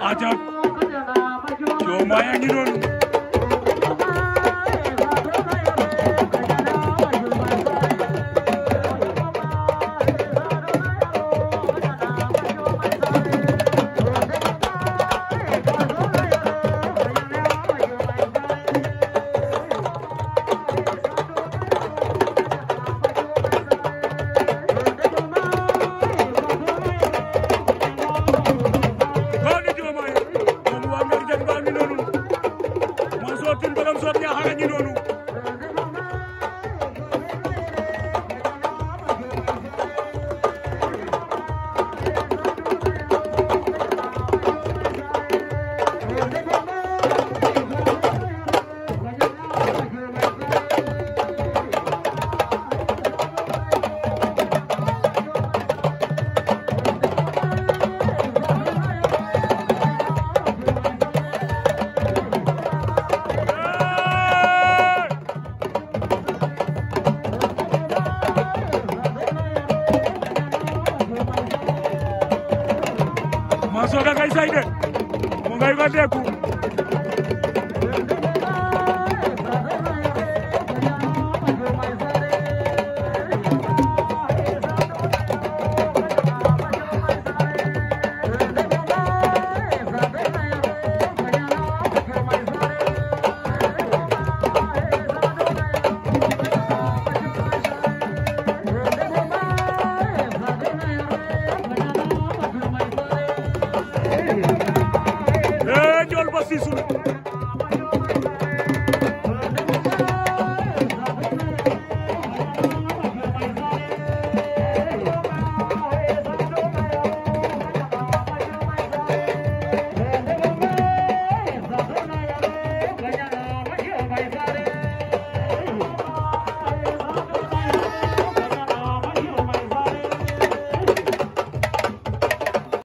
Adam. Çoğmaya gir Sooda ngay say de mu ngay ba deeku ee jool ba siisul